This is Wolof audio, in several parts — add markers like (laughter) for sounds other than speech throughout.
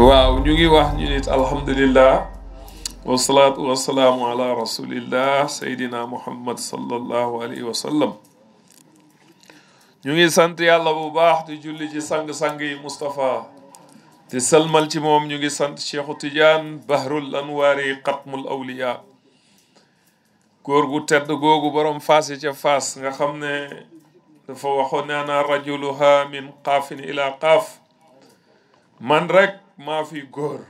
waaw ñu ngi wax ñu nit ngi sant yàlla bu baax di julli ci sang-sang yi Moustapha salmal ci moom ñu ngi sant cheikhu tidiane bahrul anwaari xatmul awliya góor gu tedd googu borom faase ca faas nga xam ne dafa waxoon ne ana min qaafin ila qaaf man rek maa fi góor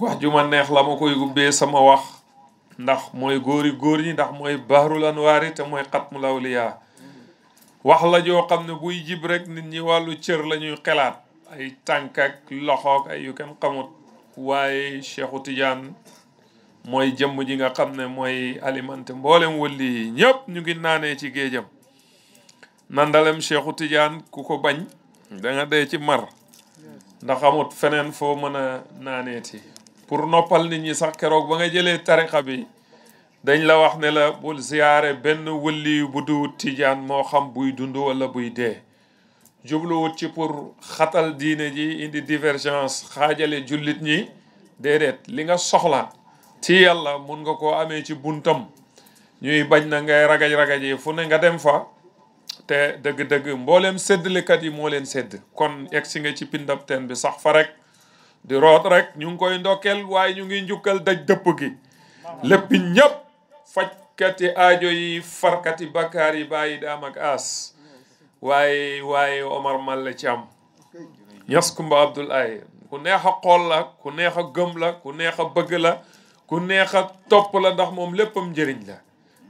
wax ju ma neex la ma koy ubbee sama wax ndax mooy góori góor ñi ndax mooy bahrul anwaari te mooy xatmul awliyaa wax la joo xam ne buy jib rek nit ñi wàllu cër la ñuy xelaat ay tànk ak loxoog ay yu kenn xamut waaye Cheikhu Tidiane mooy jëmm ji nga xam ne mooy alimente mboolem wëlli yi ñëpp ñu ngi naane ci géejam nandalem Cheikhu Tidiane ku ko bañ da nga dee ci mar ndax amut feneen foo mën a naaneeti pour noppal nit ñi sax keroog ba nga jëlee tariqa bi dañ la wax ne la bul ziyaare benn wëlli bu du tijaan moo xam buy dund wala buy dee jubluwut ci pour xatal diine ji indi divergence xaajale jullit ñi déedéet li nga soxla ci yàlla mun nga ko amee ci buntam ñuy bañ na ngay ragaj-ragaj yi fu ne nga dem fa te dëgg-dëgg mbooleem séddalekat yi moo leen sédd kon egg si nga ci pindab bi sax fa rek di root rek ñu ngi koy ndokkeel waaye ñu ngi njukkal daj dëpp gi léppi ñëpp fajkati ajo yi farkati bakaar yi bàyyi daam ak aas waaye waaye Omar mal la ci am ñas kumba abdul ay ku neex a xool la ku neex a gëm la ku neex a bëgg la ku neex a topp la ndax moom léppam njëriñ la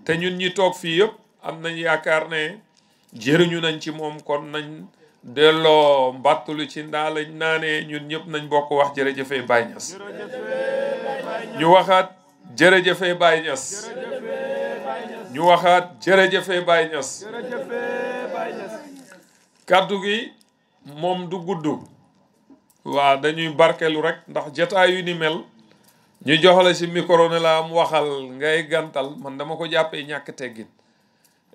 te ñun ñi toog fii yëpp am nañ yaakaar ne jëriñu nañ ci moom kon nañ delloo mbàttulu ci ndaa lañ naanee ñun ñëpp nañ bokk wax jërëjëfee Baye Niass ñu waxaat jërëjëfee Baye ñu waxaat jërëjëfee Baye Niass kàddu gi moom du gudd waa dañuy barkelu rek ndax jotaay yu ni mel ñu joxla si microne la am waxal ngay gantal man dama ko jàppee ñàkk teggin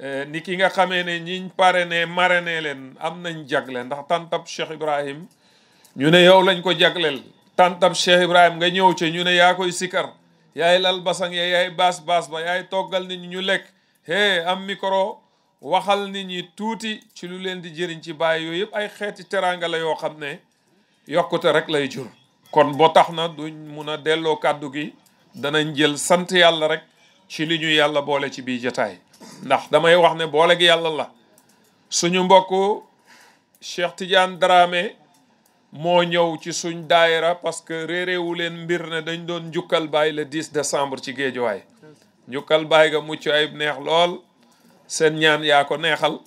Eh, ni ki nga xamee ne ñiñ parrainé ne leen am nañ jagle ndax tantab Cheikh Ibrahim ñu ne yow lañ ko jagleel tantab Cheikh Ibrahim nga ñëw ci ñu ne yaa koy sikar yaay lal basang ya yaay baas baas ba yaay toggal nit ñi ñu lekk hee am micro waxal ni ñi tuuti ci lu leen di jëriñ ci baay yooyu yëpp ay xeeti teraanga la yoo xam ne yokkute rek lay jur kon boo tax na du mun a delloo kàddu gi danañ jël sant yàlla rek ci li ñu yàlla boole ci biir jataay ndax damay wax ne boole gi yàlla la suñu mbokk Cheikh Tidiane Dramé moo ñëw ci suñ daayira parce que réeréewu leen mbir ne dañ doon njukkal baay le 10 décembre ci géejuwaay njukkal baay ga mucc ayib neex lool seen ñaan yaa ko neexal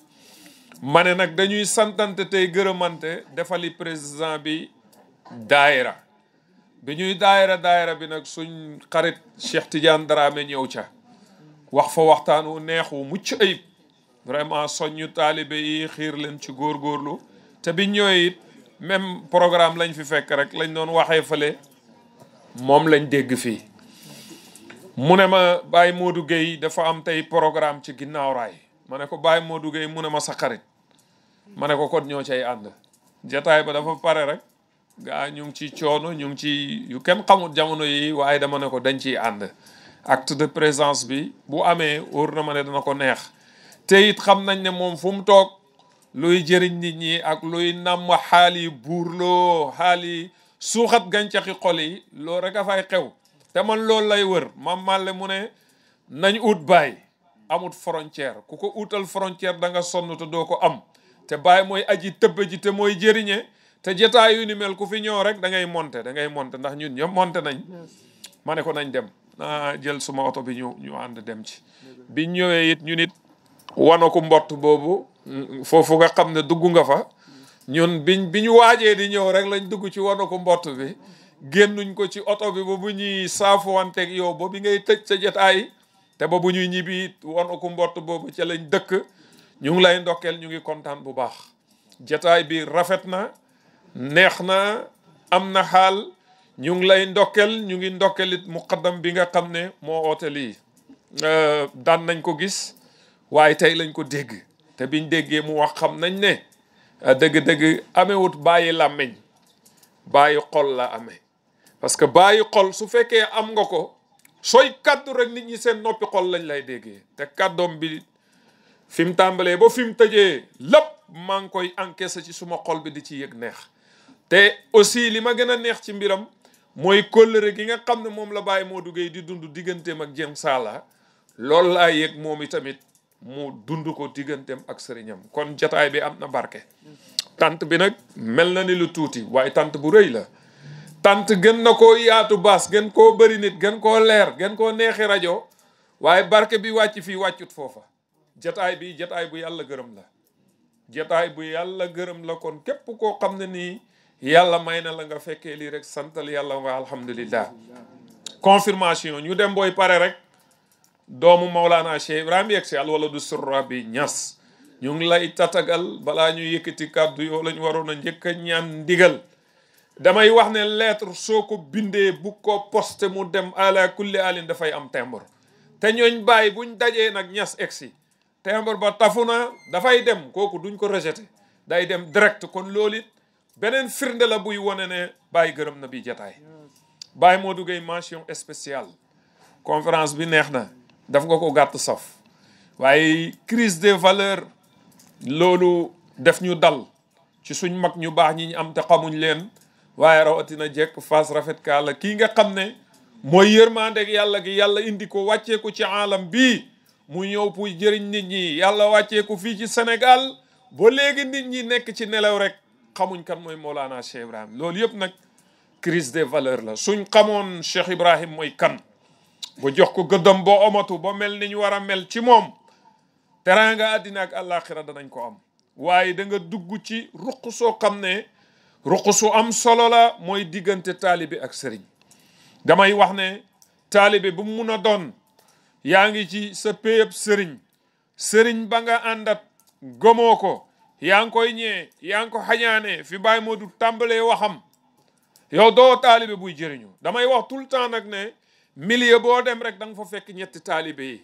ma ne nag dañuy santante tey gërëmante defali président bi daayira bi ñuy daayira daayira bi nag suñ xarit Cheikh Tidiane Dramé ñëw ca wax fa waxtaan wu neex wu mucc ayib vraiment soññu taalibe yi xiir leen ci góorgóorlu te bi ñëwee it même programme lañ fi fekk rek lañ doon waxee fële moom lañ dégg fii mu ne ma Baye Modou Gueye dafa am tey programme ci ginnaaw raay ma ne ko Baye Modou Gueye mu ne ma sa ma ne ko kon ñoo cay ànd jataay ba dafa pare rek gaa ñu ngi ci coono ñu ngi ci yu kenn xamul jamono yi waaye dama ne ko dañ ciy ànd acte de présence bi bu amee wóor na dana ko neex te it xam nañ ne moom fu mu toog luy jëriñ nit ñi ak luy namm xaal yi buurloo xaal yi suuxat gàncaxi xol yi loolu rek a fay xew te man lool lay wër mam màlle mu ne nañ ut baay amut frontière ku ko uutal frontière da nga sonn te doo ko am te baay mooy aji tëbbe ji te mooy jëriñe te jotaayu ni mel ku fi ñëw rek da ngay monter da ngay ndax ñun ñëpp monter nañ ma ne ko nañ dem naa jël suma oto bi ñu ñu ànd dem ci biñ ñëwee it ñu nit wana ko mbott boobu mm, foofu nga xam ne dugg nga fa ñun biñ bi ñu waajee di ñëw rek lañ dugg ci wana ko mbott bi génnuñ ko ci oto bi ba bu ñuy saafuwanteeg yow ba bi ngay tëj sa jotaay te ba bu ñuy ñibbi wana ko mbott boobu ca lañ dëkk ñu ngi lay ndokkeel ñu ngi kontaan bu baax jotaay bi rafet na neex na am na xaal ñu ngi lay ndokkel ñu ngi ndokkelit muqaddam bi nga xam ne moo oote lii euh, daan nañ ko gis waaye tey lañ ko dégg te biñ déggee mu wax xam nañ ne euh, dëgg-dëgg amewut bàyyi làmmeñ bàyyi xol la amee parce que bàyyi xol su fekkee am nga ko sooy kaddu rek nit ñi seen noppi xol lañ lay déggee te kàddoom bi fi mu tàmbalee ba fi mu tëjee lépp maa ngi koy encaissé ci suma xol bi di ci yëg neex te aussi li ma gën a neex ci mbiram mooy kóllëre gi nga xam ne moom la bàyyi moo duggee di dund digganteem ak Dieng Saala loolu laa yëg moom itamit mu dund ko digganteem ak sëriñam kon jataay bi am na barke tant bi nag mel na ni lu tuuti waaye tant bu rëy la tant gën na ko yaatu baas gën koo bari nit gën koo leer gën koo neexi rajo waaye barke bi wàcc fii wàccut foofa jataay bi jataay bu yàlla gërëm la jataay bu yàlla gërëm la kon képp koo xam ne nii yàlla may na la nga fekkee lii rek santal yàlla wa alhamdulillah confirmation ñu dem booy pare rek doomu Maulana Cheikh Ibrahim yegg si alwaladu sirrabi ñas ñu lay catagal balaa ñu yëkkati kàddu yoo la ñu waroon a njëkk a ñaan ndigal damay wax ne lettre soo ko bindee bu ko poste mu dem ala kulli alin dafay am timbre te ñooñ bàyyi buñ dajee nag ñas egg si ba tafu na dafay dem kooku duñ ko rejeté day dem direct kon loolu beneen firnde la buy wane ne bàyyi gërëm na bi jataay Baye Modou Gueye mention spéciale conférence bi neex na daf nga ko gàtt saf waaye crise des valeurs loolu def ñu dal ci suñ mag ñu baax ñi ñu am te xamuñ leen waaye rawatina jekk fas rafet kaa la kii nga xam ne mooy yërmandeeg yàlla gi yàlla indi ko wàcceeku ci alam bi mu ñëw pour jëriñ nit ñi yàlla wàcceeku fii ci Sénégal ba léegi nit ñi nekk ci nelaw rek xamuñ kan mooy moolaana Cheikh Ibrahim loolu yëpp nag crise des valeurs la suñ xamoon Cheikh Ibrahim mooy kan ba jox ko gëddam boo omatu ba mel ni ñu war a mel ci moom teraanga àddina ak da danañ ko am waaye da nga dugg ci ruq soo xam ne ruq su am solo la mooy diggante taalibe ak sëriñ damay wax ne taalibe bu mu mun a doon yaa ngi ci sa péyëb sëriñ sëriñ ba nga àndat gomoo ko yaa ngi koy ñee yaa ngi ko xañaane fi moo du tàmbalee waxam yow doo taalibe buy jëriñu damay wax tout le temps nag ne milieu boo dem rek da nga fa fekk ñetti taalibe yi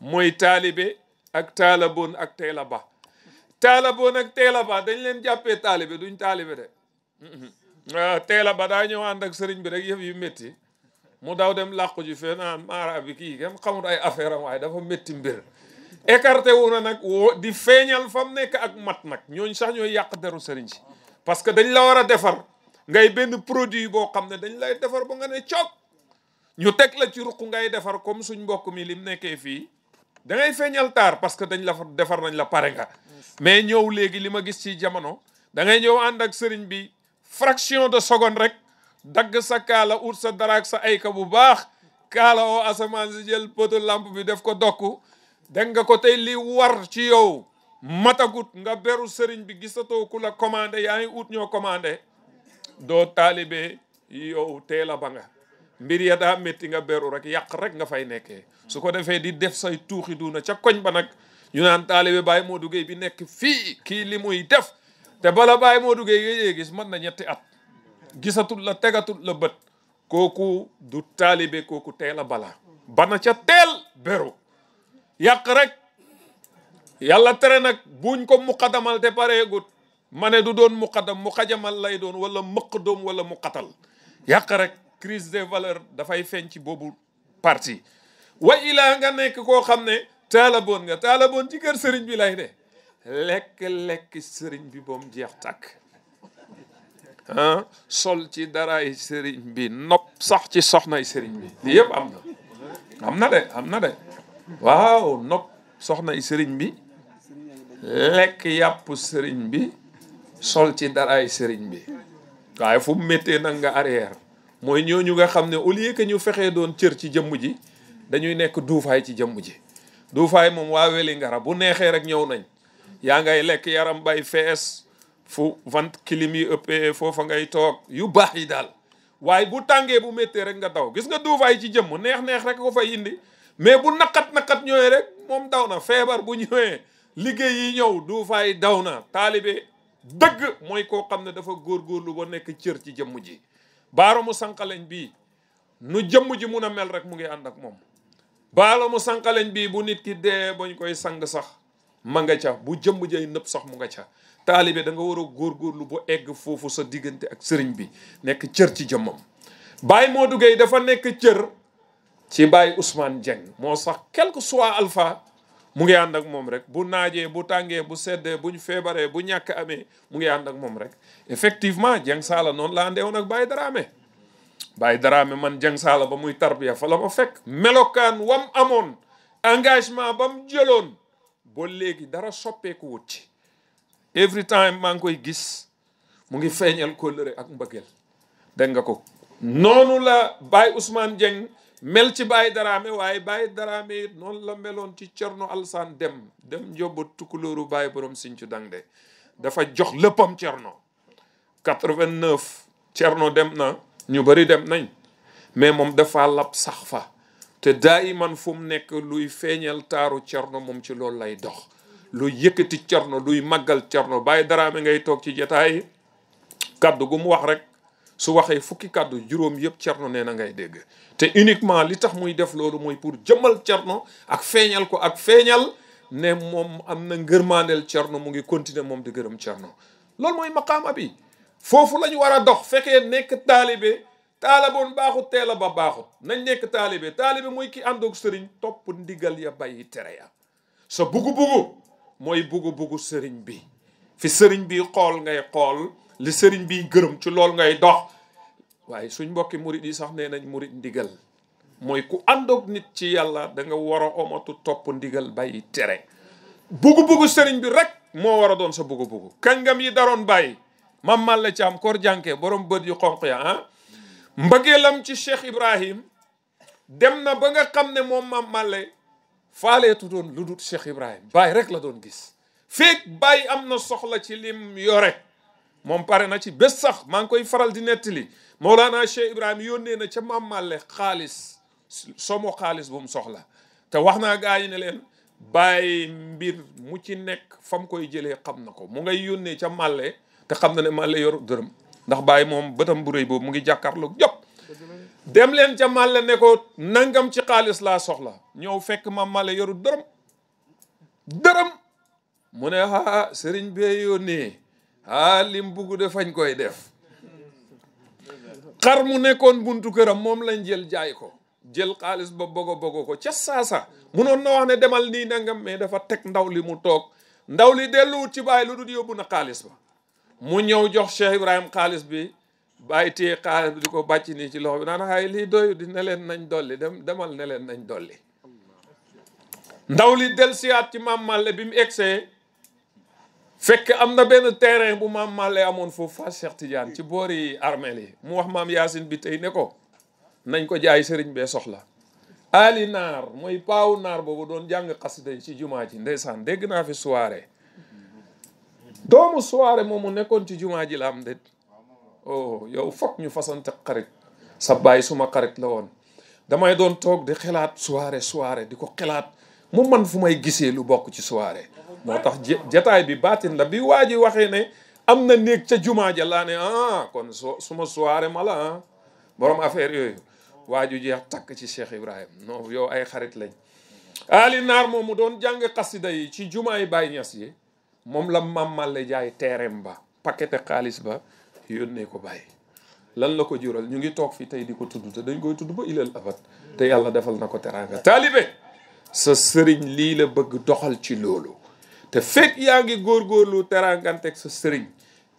mooy taalibe ak taalaboon ak teela ba taalaboon ak teela ba dañ leen jàppee taalibe duñ taalibe de ah, teela ba daa ñëw ànd ak sëriñ bi rek yëf yu métti mu daw dem làqu ji fee naan maara bi kii kenn xamut ay affaire am waaye dafa métti mbir écarté wu na nag woo di feeñal fa mu nekk ak mat nag ñooñ sax ñooy yàq deru sëriñ si parce que dañ la war a defar ngay benn produit boo xam ne dañ lay defar ba nga ne coog ñu teg la ci ruq ngay defar comme suñ mbokk mi mu nekkee fii da ngay feeñal taar parce que dañ la defar nañ la pare nga mais ñëw léegi li ma gis ci jamono da ngay ñëw ànd ak sëriñ bi fraction de seconde rek dagg sa kaala ut sa daraak sa ayka bu baax kaala oo asamaan si jël poto bi def ko dokku dégg nga ko tey lii war ci yow matagut nga beru sëriñ bi gisatoo ku la commandé yaa ut ñoo commandé doo taalibe yow teel a ba mbir ya daa métti nga beru rek yàq rek nga fay nekkee su ko defee di def say tuuxi du na ca koñ ba nag ñu naan taalibe baay Modou Gueye bi nekk fii kii li muy def te bala Baye Modou Gueye gis mën na ñetti at gisatul la tegatul la bët kooku du taalibe kooku teel a bala bana ca teel beru yàq rek yàlla tere nag buñ ko muqadamal te pareegut ma ne du doon muqadam muqajamal lay doon wala mëq doom wala muqatal yàq rek crise des valeurs dafay feeñ ci boobu parti wa ilaa nga nekk koo xam ne taalaboon nga taalaboon ci kër sëriñ bi lay de lekk-lekk sëriñ bi boom jeex tàkk sol ci daray sëriñ bi nop sax ci soxnay sëriñ bi li yëpp am na am na de am na de waaw nopp soxna yi sëriñ bi lekk yàpp sëriñ bi sol ci daraay sëriñ bi waaye fu mu méttee nag nga arrière mooy ñooñu nga xam ne au lieu que ñu fexee doon cër ci jëmm ji dañuy nekk duufaay ci jëmm ji duufaay moom waa weli ngara bu neexee rek ñëw nañ yaa ngay lekk yaram bay fees fu vent kilim yi ëppee foofa ngay toog yu baax yi daal waaye bu tàngee bu mettee rek nga daw gis nga duufaay ci jëmm neex neex rek ko fay indi mais bu naqat naqat ñëwee rek moom daw na feebar bu ñëwee liggéey yi ñëw du fay daw na taalibe dëgg mooy koo xam ne dafa góor góor lu ba nekk cër ci jëmm ji baaramu sànqaleñ bi nu jëmm ji mun a mel rek mu ngi ànd ak moom baaramu sànqaleñ bii bu nit ki dee bañ koy sang sax ma nga ca bu jëmm ji ay nëpp sax mu nga ca taalibe da nga war a góorgóorlu bu egg foofu sa diggante ak sëriñ bi nekk cër ci jëmmam baay Modou Gueye dafa nekk cër ci bàyyi Ousmane Dieng moo sax quelque soit alfa mu ngi ànd ak moom rek bu naajee bu tàngee bu seddee bu ñu feebaree bu ñàkk amee mu ngi ànd ak moom rek effectivement Dieng Saala noonu la àndeewoon dara Baye Dramé dara Dramé man Dieng Saala ba muy tarbiya fa la fekk melokaan wam amoon engagement ba mu jëloon ba léegi dara soppeeku wut ci every time maa ngi koy gis mu ngi feeñal kóllëre ak mbëggeel dégg nga ko noonu la Baye Ousmane Dieng mel ci bàyyi dara Daraame waaye bàyyi dara it noonu la meloon ci Cerno Alsaan dem dem yóbbu tukulóoru Baye borom Sinthiou Dangde dafa jox léppam Cerno 89 Cerno dem na ñu bëri dem nañ mais moom dafa lab sax fa te daayiman fu mu nekk luy feeñal taaru Cerno moom ci loolu lay dox luy yëkkati Cerno luy màggal Cerno dara Daraame ngay toog ci jataay kaddu gu mu wax rek su waxee fukki kàddu juróom yëpp cerno nee na ngay dégg te uniquement li tax muy def loolu mooy pour jëmmal cerno ak feeñal ko ak feeñal ne moom am na ngërmaandeel cerno mu ngi continuer moom di gërëm cerno loolu mooy maqaama bi foofu la ñu war a dox fekkee nekk taalibe taalaboon baaxut teel a ba baaxut nañ nekk taalibe taalibe mooy ki àndoog sëriñ topp ndigal ya bàyyi tere ya sa bugu-bugu mooy bugu-bugu sëriñ bi fi sëriñ bi xool ngay xool li sëriñ bi gërëm ci loolu ngay dox waaye suñ mbokki murit yi sax nee nañ murit ndigal mooy ku àndoog nit ci yàlla danga nga war a omatu topp ndigal bàyyi tere bugu-bugu sëriñ bi rek moo war a doon sa bugu-bugu kàngam yi daroon bàyyi mam man la ci am koor jànke borom bët yu xonq ya ah mbëggeelam ci Cheikh Ibrahim dem na ba nga xam ne moom mam màlle faaleetu doon lu dul Cheikh Ibrahim bàyyi rek la doon gis feeg bàyyi am na soxla ci lim yore moom pare na ci bés sax maa ngi koy faral di nettali Mawlana Cheikh Ibrahima yónnee na ca Maam Malle xaalis somo xaalis bu mu soxla te wax naa gaa yi ne leen bàyyi mbir mu ci nekk fa koy jëlee xam na ko mu ngay yónnee ca Malle te xam na ne Malle yoru dërëm ndax bàyyi moom bëtam bu rëy boobu mu ngi jàkkaarloog jop dem leen ca Malle ne ko nangam ci xaalis laa soxla ñëw fekk Maam Malle yoru dërëm dërëm mu ne ah sëriñ bee yónnee ah lim bugg de fañ koy def xar mu nekkoon buntu këram moom lañ jël jaay ko jël xaalis ba bogo bogo ko ca saasa munoon na wax ne demal nii nangam mais dafa teg ndaw li mu toog ndaw li delluwut ci bàyyi lu dul yóbbu na kaalis ba mu ñëw jox Cheikh Ibrahim xaalis bi bàyyi téye xaalis bi di ko bàcc nii ci loxo bi naan xay lii doyu di ne nañ dolli dem demal ne leen nañ dolli li del siyaat ci maam Malle bi mu egsee fekk am na benn terrain bu maam Malle amoon foofu Fass Cheikh Tidiane ci boori armeel yi mu wax maam Yaasin bi tey ne ko nañ ko jaay sëriñ bee soxla aali Naar mooy paawu Naar boobu doon jàng xasida ci jumaa ji ndeysaan dégg naa fi soirée doomu soirée mu nekkoon ci jumaa ji la am déet oh yow foog ñu fasante xarit sa baay suma xarit la woon damay doon toog di xalaat soirée soirée di ko xalaat mu man fu may gisee lu bokk ci soirée moo tax jataay bi baatin la bi waa ji waxee ne am na néeg ca jumaa ja laa ah, kon so suma soirée ma la ah. borom affaire yooyu waa ju jeex takk ci Cheikh ibrahim non yow ay xarit lañ Ali Naar moom mu doon jàng xasida yi ci jumaa yi Baay Ñas yi moom la mammalle jaay teerem ba paquete kaalis ba yónnee ko bàyyi lan la ko jural ñu ngi toog fi tey di ko tudd te dañ koy tudd ba ilal abat te yàlla defal na ko teraanga taalibe sa sëriñ lii la bëgg doxal ci loolu te fekk yaa ngi góor góorgóorlu teraanganteeg sa sëriñ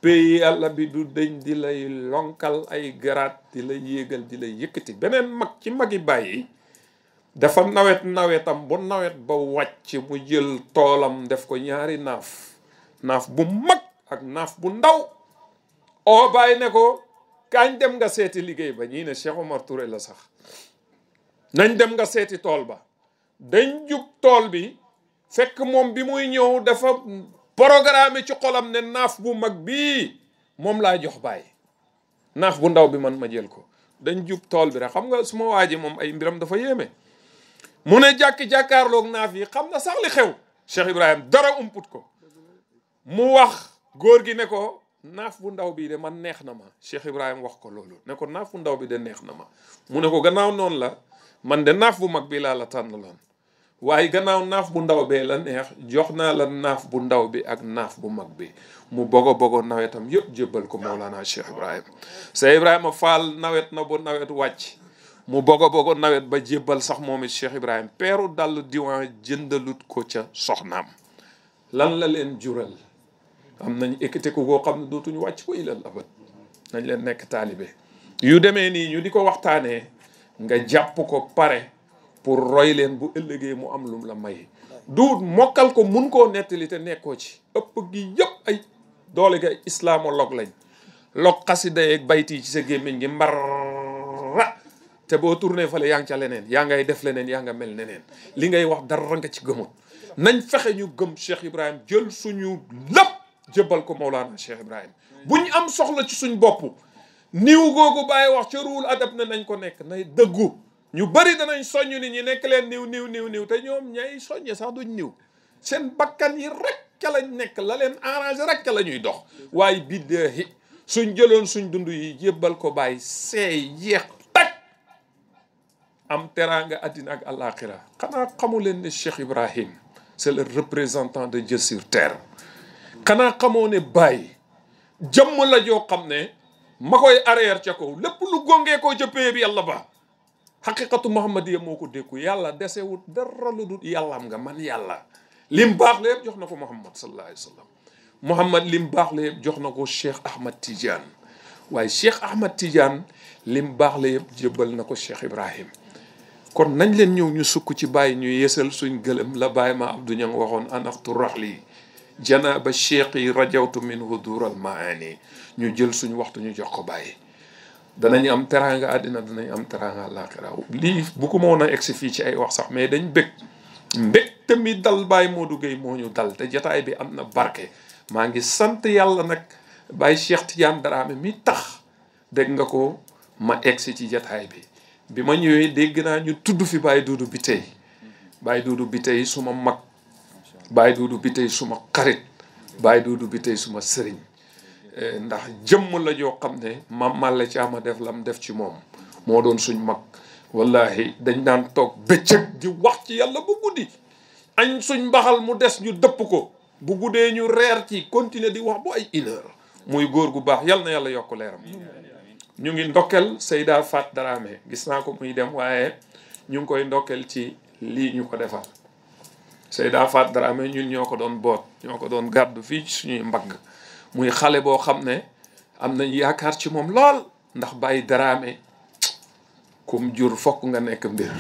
pays yàlla bi du deñ di lay lonkal ay garaat di lay yéegal di la yëkkati beneen mag ci magi bàyyi dafa nawet nawetam bu nawet ba wàcc mu jël toolam def ko ñaari naaf naaf bu mag ak naaf bu ndaw oo bàyyi ne ko kañ dem nga seeti liggéey ba ñii ne Cheikh Omar la sax nañ dem nga seeti tool ba dañ jub tool bi fekk moom bi muy ñëw dafa programme ci xolam ne naaf bu mag bii moom laa jox bàyyi naaf bu ndaw bi man ma jël ko dañ jub tool bi rek xam nga suma ma waaji moom ay mbiram dafa yéeme mu ne jàkki-jàkkaarloog naaf yi xam na sax li xew Cheikh Ibrahim dara umput ko mu wax góor gi ne ko naaf bu ndaw bi de man neex na ma Cheikh Ibrahim wax ko loolu ne ko naaf bu ndaw bi de neex na ma mu ne ko gannaaw noonu la man de naaf bu mag bi laa la na loon waaye gannaaw naaf bu ndaw bee la neex jox naa la naaf bu ndaw bi ak naaf bu mag bi mu bogo bogo nawetam yëpp jébbal ko Mawlana Cheikh Ibrahima Cheikh Ibrahima Fall nawet na ba nawet wàcc mu bogo bogo nawet ba jébbal sax moom it Cheikh Ibrahima peeru dàll diwan jëndalut ko ca soxnaam lan la leen jural am nañ ekkiteku koo xam ne dootuñu wàcc ko ilal abat nañ leen nekk taalibe yu demee nii ñu di ko waxtaanee nga jàpp ko pare pour roy leen bu ëllëgee mu am lum la may duut mokkal ko mun koo nettali nekkoo ci ëpp gi yëpp ay doole gi ay islamologue lañ log xasida yeeg bayti ci sa gémmiñ gi mbar te boo tourné fale yaa ngi leneen yaa ngay def leneen yaa nga mel neneen li ngay wax dara nga ci gëmut nañ fexe ñu gëm Cheikh Ibrahim jël suñu lépp jëbal ko Mawlaana Cheikh Ibrahim bu am soxla ci suñ bopp niw googu bàyyi wax ca ruul adab na nañ ko nekk nay dëggu ñu bëri danañ soññ ni ñi nekk leen niw niw niw niw te ñoom ñay soññe sax duñ niw seen bakkan yi rek ca lañ nekk la leen arrangé rek ca la ñuy dox waaye biddaahi suñ jëloon suñ dund yi jébbal ko bàyyi seey yeex tak am teraanga àddina ak alaaxira xanaa xamu leen ne Cheikh Ibrahim c'est le représentant de Dieu sur terre kanaa xamoo ne bàyyi jëmm la joo xam ne ma koy arrière ca lépp lu gongee ko ca pay bi ba xaqiqatu muhammadiya moo ko dékku yàlla desewut dara lu dul yàllaam nga man yàlla lim baax la yëpp jox na ko muhammad sallallahu alayhi wa sallam lim baax la yëpp jox na ko cheikh ahmad tidiane waaye cheikh ahmad tidiane lim baax la yëpp jébbal na ko cheikh ibrahim kon nañ leen ñëw ñu sukk ci bàyyi ñu yeesal suñ gëlëm la bàyyi ma abdou ñang waxoon anaxtu raxli janaaba cheikh yi rajawtu minhu dural maani ñu jël suñ waxtu ñu jox ko bàyyi danañ am teraanga àddina danañ am teraanga àllaaxira lii bu ko moon a egsi fii ci ay wax sax mais dañ bëgg mbégte mi dal Baye moo duggee moo ñu dal te jataay bi am na barke maa ngi sant yàlla nag Baye Cheikh Tidiane Dramé mi tax dégg nga ko ma egsi ci jataay bi bi ma ñëwee dégg naa ñu tudd fi Baye Doudou Biteye Baye Doudou Biteye suma mag Baye Doudou Biteye suma xarit Baye Doudou Biteye suma sëriñ Eh, ndax jëmm la joo xam ne maam Malla Thiam a def lam def ci moom moo doon suñ mag wallahi dañ daan toog bëccëg ji wax ci yàlla bu guddi añ suñ mbaxal mu des ñu dëpp ko bu guddee ñu reer ci continuer di wax bu ay une muy góor gu baax yal na yàlla yokk leeram ñu ngi ndokkel Seyda Fat Dramé gis naa ko muy dem waaye ñu ngi koy ndokkel ci lii ñu ko defal Seyda Fat amee ñu ñoo ko doon boot ñoo ko doon gàddu fii suñuy mbagg muy xale boo xam ne am nañ yaakaar ci moom lool ndax bàyyi daraame kum jur fokk nga nekk mbir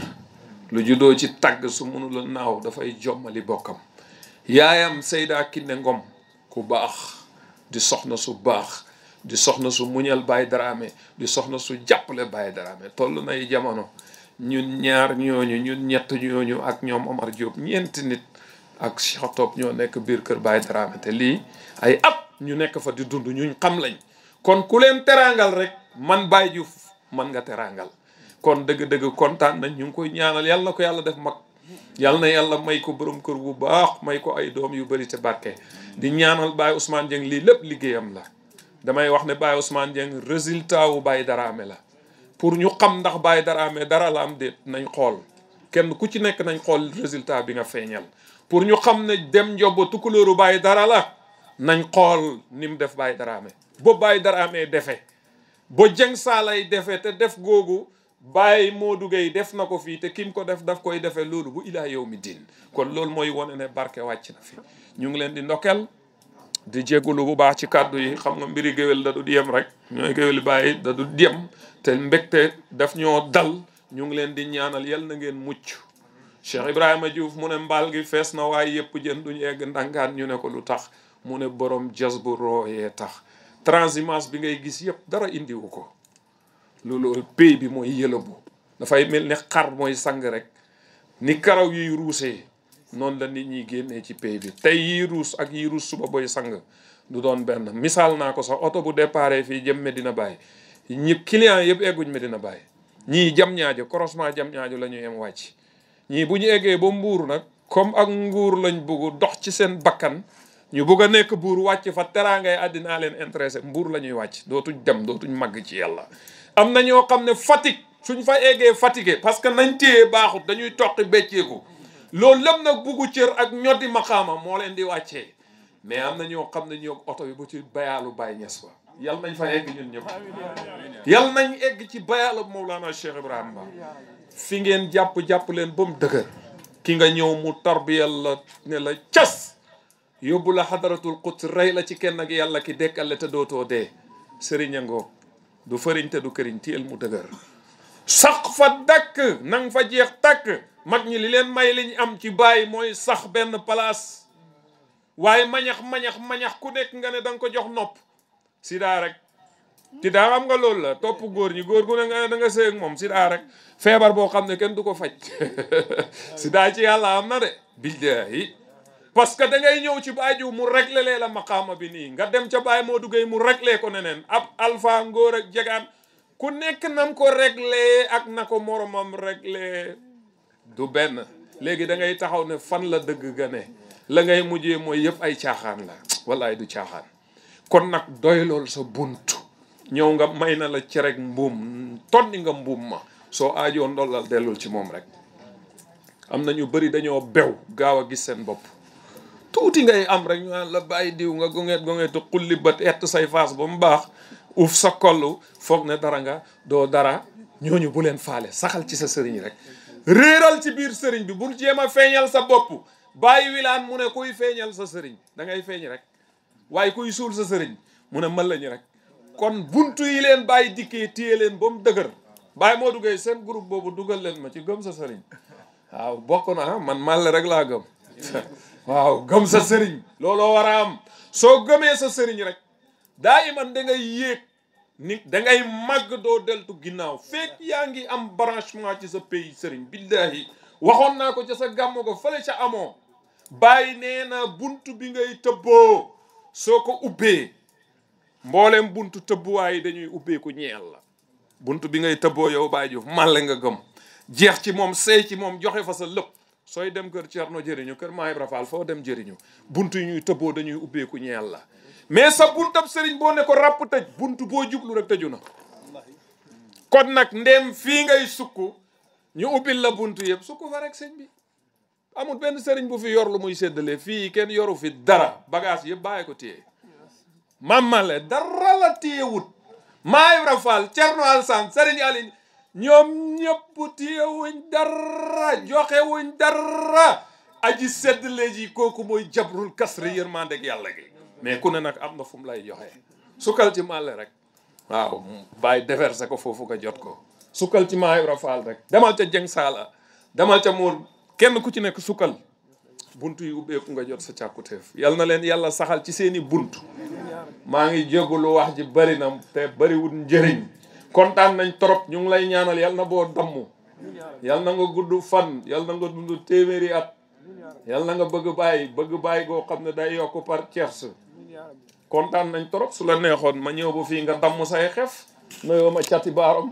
lu juddoo ci tàgg su mënula naaw dafay jommali bokkam yaayam seydaa Kiné Ngom ku baax di soxna su baax di soxna su muñal bàyyi daraame di soxna su jàppale bàyyi daraame toll nay jamono ñun ñaar ñooñu ñun ñett ñooñu ak ñoom Omar Diop ñeenti nit ak Cheikh ñoo nekk biir kër Baye Dramé te lii ay at ñu nekk fa di dund ñu ñuñ xam lañ kon ku leen teraangal rek man Baye Diouf man nga teraangal kon dëgg-dëgg kontaan nañ ñu ngi koy ñaanal yàlla na ko yàlla def mag yàlla na yàlla may ko borom kër bu baax may ko ay doom yu bëri te barke di ñaanal Baye Ousmane Dieng lii lépp liggéeyam la damay wax ne Baye Ousmane Dieng résultat wu Baye Daraame la pour ñu xam ndax Baye Daraame dara la am déet nañ xool kenn ku ci nekk nañ xool résultat bi nga feeñal pour ñu xam ne dem njoba tukulóoru Baye dara la nañ xool ni mu def Baye Dramé ba Baye Dramé defe bo Dieng Saalay defee te def googu Baye Modou Gueye def na ko fii te kim ko def def koy defee loolu bu ilaa yow mi diin kon loolu mooy wone ne barke wàcc na fi ñu ngi leen di ndokkel di jégalu bu baax ci kàddu yi xam nga mbiri géwél da du yem rek ñooy géwél Baye da du yem te mbégte def ñoo dal ñu ngi leen di ñaanal yal na ngeen mucc Cheikh Ibrahima Diouf mu ne mbaal gi fees na waaye yëpp jën duñu egg ndangaan ñu ne ko lu tax mu ne borom bu rooyee tax transhumance bi ngay gis yëpp dara indiwu ko loolu pay bi mooy yëlëbu dafay mel ni xar mooy sang rek ni karaw yuy ruusee noonu la nit ñi génnee ci pay bi tey yi ruus ak yi ruus suba booy sang du doon benn misaal naa ko sax oto bu déparé fii jëm Medina bàyyi ñi client yëpp egguñ Medina bàyyi ñii jam ñaajo croisement jam ñaajo la ñu yem wàcc ñii bu ñu eggee ba mbuur nag comme ak nguur lañ bëgg dox ci seen bakkan ñu bëgg a nekk buur wàcc fa teraangay àddina leen intéressé mbuur la ñuy wàcc dootuñ dem dootuñ màgg ci yàlla am na ñoo xam ne Fatick suñ fa eggee fatigué parce que nañ téye baaxut dañuy toqi becceeku loolu lépp nag buggu cër ak ñoddi maxaama moo leen di wàccee mais am na ñoo xam ne ñoo oto bi ci bayaalu Baye Niass ba yal nañ fa egg ñun ñëpp yal nañ egg ci bayaalu Mawlana Cheikh Ibrahima Ba ngeen jàpp-jàpp leen ba mu dëgër ki nga ñëw mu tarbiyal la ne la cas yóbbu la xadaratul quds rey la ci kenn ak yàlla ki dekkale te dootoo dee sëriña du fëriñ te du këriñ ti mu dëgër sax fa dakk nang fa jeex takk mag ñi li leen may liñ am ci bàyyi mooy sax benn palaas waaye mañax mañax mañax ku nekk nga ne danga ko jox nopp si rek ti daa am nga loolu la topp góor ñi góor gu ne nga moom si rek feebar boo xam ne kenn du ko faj (laughs) si ci yàlla am na de billaahi parce que da ngay ñëw ci Baye Diouf mu réglé lee la maqaama bi nii nga dem ca Baye Modou Gueye mu réglé ko neneen ab alpha ngóor ak jegaan ku nekk nam ko réglé ak na ko moromam réglé du benn léegi da ngay taxaw ne fan la dëgg ga ne la ngay mujjee mooy yëpp ay caaxaan la wallaay du caaxaan kon nag doy lool sa bunt ñëw nga may na la ci rek mbuum tonni nga mbuum ma soo aajoo ndollal dellul ci moom rek am na ñu bëri dañoo bew gaaw a gis seen bopp tuuti ngay am rek ñu naan la bàyyi diw nga gungeet gungeetu xulli bët ett say faas ba mu baax uf sa kollu foog ne dara nga doo dara ñooñu bu leen faale saxal ci sa sëriñ rek réeral ci biir sëriñ bi bu jéem a feeñal sa bopp bàyyi wilaan mu ne kuy feeñal sa sëriñ da ngay feeñ rek waaye kuy suul sa sëriñ mu ne mën lañu rek kon buntu leen bàyyi dikkee téye leen ba mu dëgër bàyyi moo duggee seen groupe boobu dugal leen ma ci gëm sa sëriñ waaw bokk na man màll rek laa gëm waaw gëm sa sëriñ looloo war a am soo gëmee sa sëriñ rek daa iman da ngay yéeg nit da ngay màgg doo deltu ginnaaw fekk yaa ngi am branchement ci sa pays sëriñ billahi waxoon naa ko ca sa gàmmu ko fële ca amoo bàyyi nee na buntu bi ngay tëbboo soo ko ubbee mboolem buntu tëbbuwaay yi dañuy ubbeeku ñeel la buntu bi ngay tëbboo yow Baye Diouf nga gëm jeex ci moom sey ci moom joxe fa sa lëpp sooy dem kër Cerno jëriñu kër Maam Ibra Faal foo dem jëriñu bunt yi ñuy tëbboo dañuy ubbeeku ñeel la mais sa buntab sëriñ boo ne ko ràpp tëj bunt boo jublu rek tëju na kon nag ndem fii ngay sukk ñu ubbil la bunt yëpp sukk fa rek sëñ bi amut benn sëriñ bu fi yor lu muy séddale fii kenn yoru fi dara bagage yëpp bàyyi ko téye mammale dara la téyewut Maam Ibra Faal Cerno Alsaan sëriñ Alin ñoom ñëpp téyewuñ dara joxewuñ dara aji sedd léegi kooku mooy jabrul kasri yërmande ak yàlla gi mais ku ne nag am na fu mu lay joxe sukkal ci màlle rek waaw bàyyi déverser ko foofu nga jot ko sukkal ci maa rek demal ca jëng saala demal ca moor kenn ku ci nekk sukkal bunt yu ubbeeku nga jot sa càkkutéef yal na leen yàlla saxal ci seeni bunt maa ngi jégalu wax ji bari na te bariwul njëriñ kontaan nañ trop ñu ngi lay ñaanal yal na boo damm yal na nga gudd fan yal na nga dund téeméeri at yal na nga bëgg bàyyi bëgg bàyyi goo xam ne day yokk par tiers kontaan nañ trop su la neexoon ma ñëw ba fii nga dammu say xef nuyoo ma cati baaram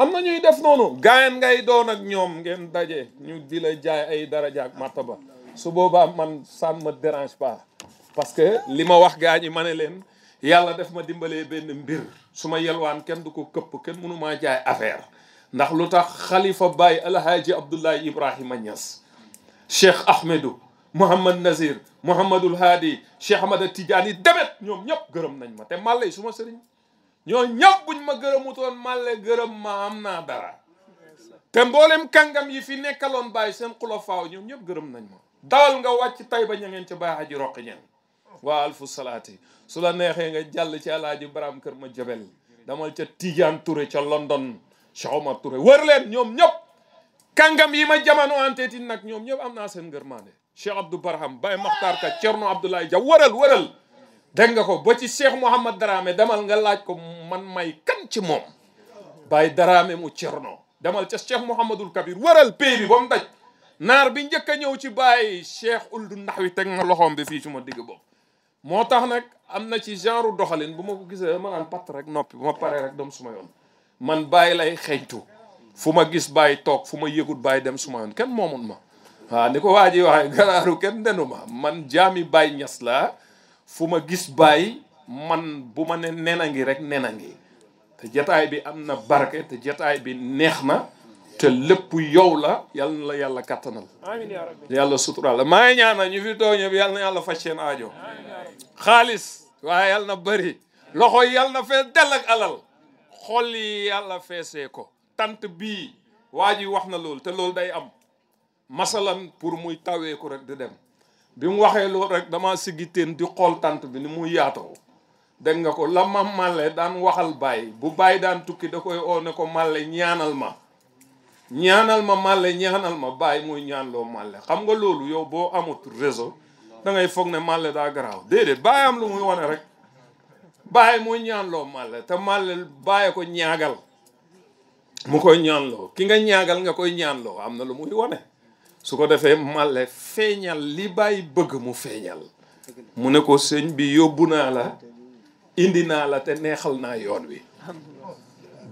am na ñuy def noonu gaayan ngay doon ak ñoom ngeen daje ñu di la jaay ay daraja ak martaba su boobaa man sàmm ne me parce que li ma wax gaa ñi ma ne leen yàlla def ma dimbalee benn mbir su ma yelwaan kenn du ko këpp kenn mënu maa jaay affaire ndax lu tax xalifa Baye alhaaji Abdoulaye Ibrahima Niass Cheikh Ahmedou Mouhamad Nazir Mouhamadul Haadi Cheikh Ahmada Tidiane demet ñoom ñëpp gërëm nañ ma te màlle su ma sëriñ ñoo ñëpp buñ ma gërëmutoon màlle gërëm ma am naa dara te mboolem kàngam yi fi nekkaloon Baye seen xulafaaw ñoom ñëpp gërëm nañ ma dawal nga wàcc tay ba ña ngeen ca Baye Haji Roqi waa alfu salaati su la neexee nga jàll ci alaaji baraam kër ma jabel damal ca Tidiane Touré ca London Cheikh Omar Touré wër leen ñoom ñëpp kàngam yi ma jamono anteeti nag ñoom ñëpp am naa seen ngërmaande Cheikh Abdou Barham Baye Makhtar Ka Thierno Abdoulaye Dia wëral wëral dégg nga ko ba ci Cheikh Mouhamad daraame demal nga laaj ko man may kan ci moom Baye Darame mu Thierno demal ca Cheikh Mouhamadul Kabir wëral pay bi ba mu naar bi njëkk ñëw ci Baye Cheikh Uldu Ndaxwi teg na loxoom bi fii su digg bopp moo tax nag am na ci genre doxalin bu ma ko gisee ma naan patt rek noppi bu ma paree rek doom suma yoon man bàyyi lay xeeñtu fu ma gis bàyyi toog fu ma yëgut bàyyi dem suma yoon kenn moomut ma waaw ni ko waa ji waxee (laughs) garaaru kenn denu ma man jaami bàyyi ñas laa fu ma gis bàyyi man bu ma ne nena ngi rek nena ngi te jataay bi am na barke te jataay bi neex na te lépp yow la yal na la yàlla kattanal yàlla sutural la maa ngi ñaanal ñu fi toog ñëpp yal na yàlla faj aajo xaalis waaye yal na bëri loxo yi yal na fees dell alal xol yi yàlla feesee ko tant bi waa ji wax na loolu te loolu day am masalan pour muy tawee ko rek di dem bi mu waxee loolu rek dama sigiteen di xool tant bi ni muy yaatoo dégg nga ko la ma màlle daan waxal bàyyi bu bàyyi daan tukki da koy oo ne ko màlle ñaanal ma ñaanal ma male ñaanal ma bàyyi mooy ñaan loo màlle xam nga loolu yow boo amut réseau da ngay foog ne màlle daa garaaw déedéet bàyyi am lu muy wane rek bàyyi muy ñaan loo màlle te màlle bàyyi ko ñaagal mu koy ñaan loo ki nga ñaagal nga koy ñaan loo am na lu muy wane su ko defee male feeñal li bàyyi bëgg mu feeñal mu ne ko sëñ bi yóbbu naa la indi naa la te neexal naa yoon wi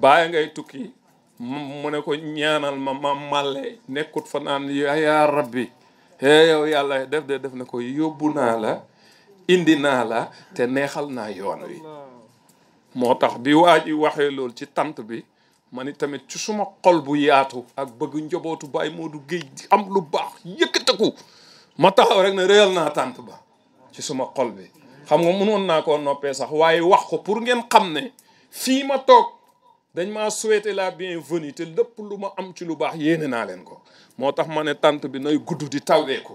bàyyi ngay tukki mu ne ko ñaanal ma ma màlle nekkut fa naan yaa rabbi hee yow yàlla def de def na ko yóbbu naa la indi naa la te neexal naa yoon wi moo tax bi waa ji waxee lool ci tant bi ma ni tamit ci suma xol bu yaatu ak bëgg njobootu baay Modou Guèye di am lu baax yëkkateku ma taxaw rek ne réyal naa tant ba ci suma xol bi xam nga mënoon naa koo noppee sax waaye wax ko pour ngeen xam ne fii ma toog dañ ma souhaité la bienvenue te lépp lu ma am ci lu baax yéene naa leen ko moo tax ma ne tant bi nay gudd di tawee ko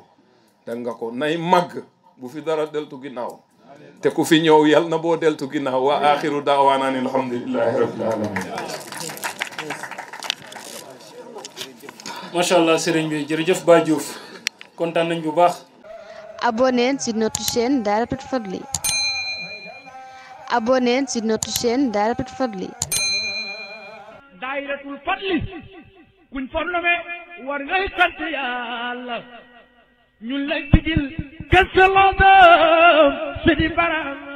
da nga ko nay màgg bu fi dara deltu ginnaaw te ku fi ñëw yal na boo deltu ginnaaw waa axiru daawaana an alhamdulilahi rabbil alamin allah sëriñ bi jërëjëf Ba Diouf kontaan nañ bu baax abonnez sur notre chaîne Dahiratoul Fadly abonnez sur notre chaîne daayiratul fadli kuñ fornome war ngay sant yàlla ñun la jigil kese la doom si di baram